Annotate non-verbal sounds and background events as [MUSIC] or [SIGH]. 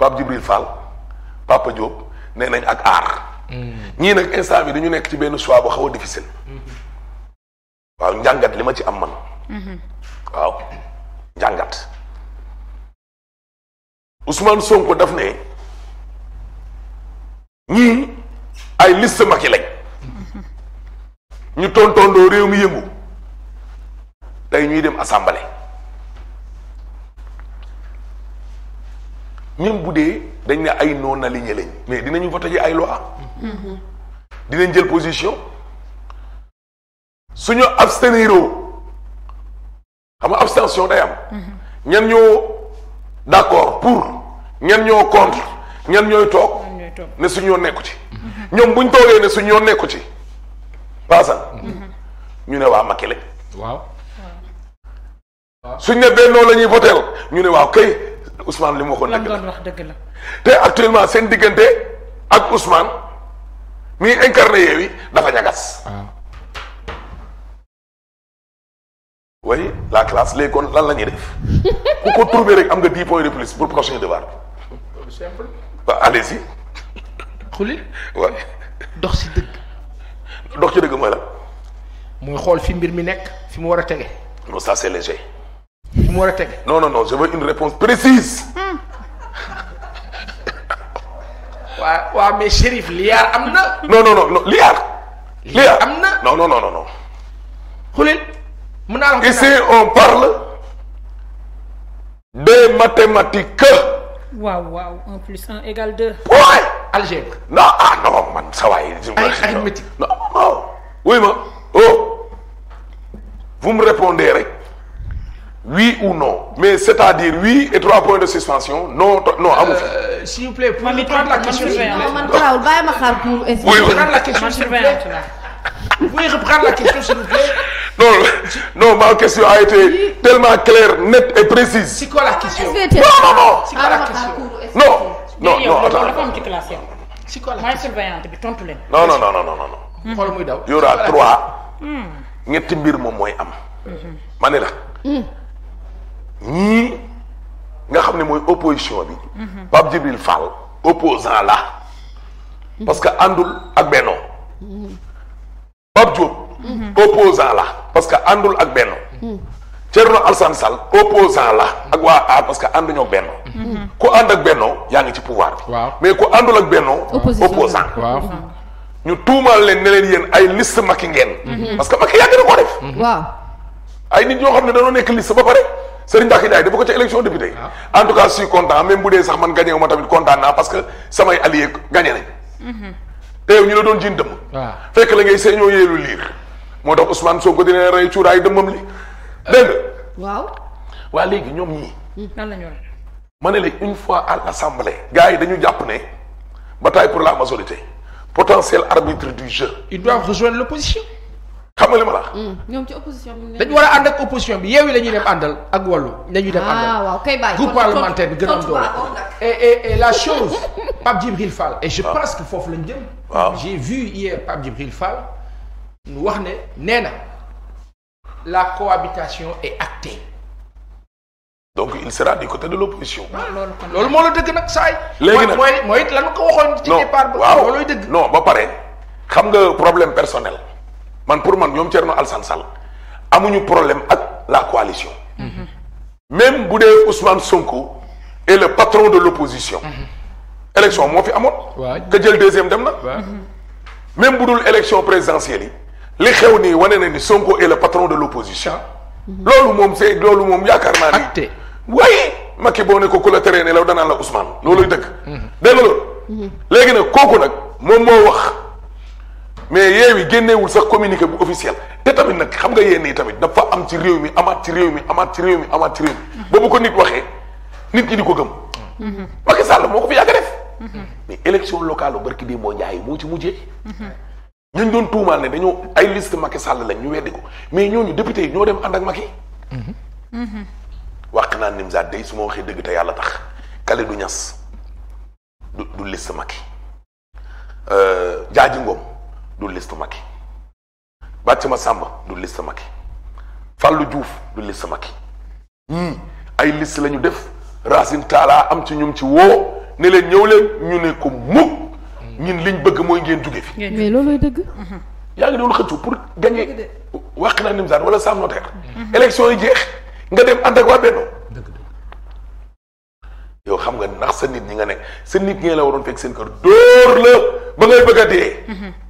Pape Djibril Fall Papa Diop nee nañ ak aar. Mm. ñii nag instant bi dañu nekk ci benn choix bu xaw a difficile. Mm-hmm. waaw njàngat li ma ci am man. Mm-hmm. waaw njàngat. Ousmane Sonko daf ne ñii ay liste Macky lañ. Mm-hmm. ñu tontondoo réew mi yëngu tey ñuy dem assemblée. même bu dee dañ ne ay non aligné lañ mais dinañu voté ji ay loi dinañ jël position suñu abstenir xam nga abstention day am ñan ñoo d'accord pour ñan ñoo contre ñan ñooy toog ne suñu yoon nekku ci ñoom buñ toogee ne suñu yoon nekku ci paasan ñu ne waa Macky lañ waaw suñ ne bennoo la ñuy voteel ñu ne waaw kay Ousmane li mu waxoon dëgg wax dëgg la. te actuellement seen diggante ak Ousmane mi incarné Yewwi dafa ñagas. Ah. way la classe lekkoon kon lan la ñuy def ku ko trouver rek am nga dix points de plus pour prochain devoir bi. simple. waaw allez dox si dëgg. dox ci dëgg mooy la. mooy xool fi mbir mi nekk fi mu war a tege. mu war a teg non non non je veux une réponse précise. waaw [LAUGHS] waaw mais Chérif liyaar am na. non non non liyaar. liyaar am na non non non non. xulil mun naa la. ici on parle des mathématiques. waaw waaw un plus un égale deux. ouais algèbre. non ah non man sa waay. ay arithmétique non non wuy ma. c'est-à-dire oui et trois points de suspension non non amu fi. Euh, s'il vous plaît pour la la question s'il la non ma question a été tellement claire nette et précise. non non non. non non non non non non non non. trois. Hmm. ñetti mbir moom mooy am. Hmm. ma ñii nga xam ne mooy opposition bi. Pape Djibril Fall opposant la parce que àndul ak Benno. Pape Diop. opposant la parce que àndul ak Benno. Thierno Alassane Sall opposant la ak waa aar parce que ànduñoo ñoo Benno. ku ànd ak Benno yaa ngi ci pouvoir bi. mais ku àndul ak Benno. opposant ñu tuumaal leen ne leen yéen ay liste Macky ngeen. parce que Macky yàgg na ko def. waaw ay nit ñoo xam ne dañoo nekk liste ba pare. Serigne Mbacke Ndiaye dafa ko ca élection député ah. en tout cas je suis content même bu dee sax man gagné ma tamit kontaan naa parce que samay allié gagné nañ mhm. te ñu la doon jiin dëmm ah. fekk la ngay seeñoo yeelu liir moo tax Ousmane Sonko dina rey cuuraay dëmmam li dégg nga waaw waa léegi ñoom ñii hmm. ma ne la une fois à l'assemblée gars yi dañu jàpp ne bataille pour la majorité potentiel arbitre du jeu ils doivent rejoindre l'opposition xam nga li ma hmm. dañu war a ànd ak opposition bi yeewi la ñuy dem àndal ak wàllu la ñuy àndal ah, waaw kay bàyyi groupe parlementaire bi gën a am doole et et et la chose [LAUGHS] Pape Djibril Fall et je ah. pense que foofu lañ jëm waaw j'ai vu hier Pape Djibril Fall ñu wax ne nee na la cohabitation est actée donc il sera du côté de l'opposition ah, loolu moo la dëgg nag saay léegi nag mooy mooy lan ko waxoon ci départ ba looluy dëgg non ba pare xam nga problème personnel man pour man ñoom Thierno Alassane Sall amuñu problème ak la coalition. Mhm. même bu dee Ousmane Sonko est le patron de l'opposition. Mhm. élection moo fi amoon. ka jël deuxième dem na. Mhm. même bu dul élection présidentielle yi li xew nii wane na ni Sonko est le patron de l'opposition. loolu moom c'est loolu moom yaakaar naa ni. ma waaye boo ne ko ku la teree ne law danaan la Ousmane looluy dëkk. dégg léegi nag kooku nag moom moo wax. mais Yewwi génneewul sax communiqué bu officiel te tamit nag xam nga yéen yi tamit dafa am ci réew mi amaat ci réew mi amaat ci réew mi amaat ci réew ko nit waxee nit ñi di ko gëm Macky Sall moo ko fi yàgg def mais élection locale u barki démboo njaay moo ci mujjee ñuñ doon tuumaal ne dañoo ay list Macky sàll lañ ñu weddi ko mais ñooñu député yi ñoo dem ànd ak Macky wax naa Nimzaat day su ma waxee dëgg te yàlla tax Kalidou Niass du du liste Macky jaaji euh, Ngom du liste Macky ma Samba du liste Macky Fallou Diouf du liste Macky ñii ay liste lañu def Racine Talla am ci ñum ci woo ne leen ñëw leen ñu ne ko mukk ñun liñ bëgg mooy ngeen jóge fi. mais loolooy dëgg. yaa ngi doon xëccu pour gagner wàq naa Nimzaat wala Sam Notaire. Mm-hmm. Mm-hmm. élection yi jeex nga dem ànd ak yow xam nga ndax sa nit ñi nga nekk sa nit ñi la waroon fekk seen kër dóor la ba ngay bëgg dee. Mm-hmm.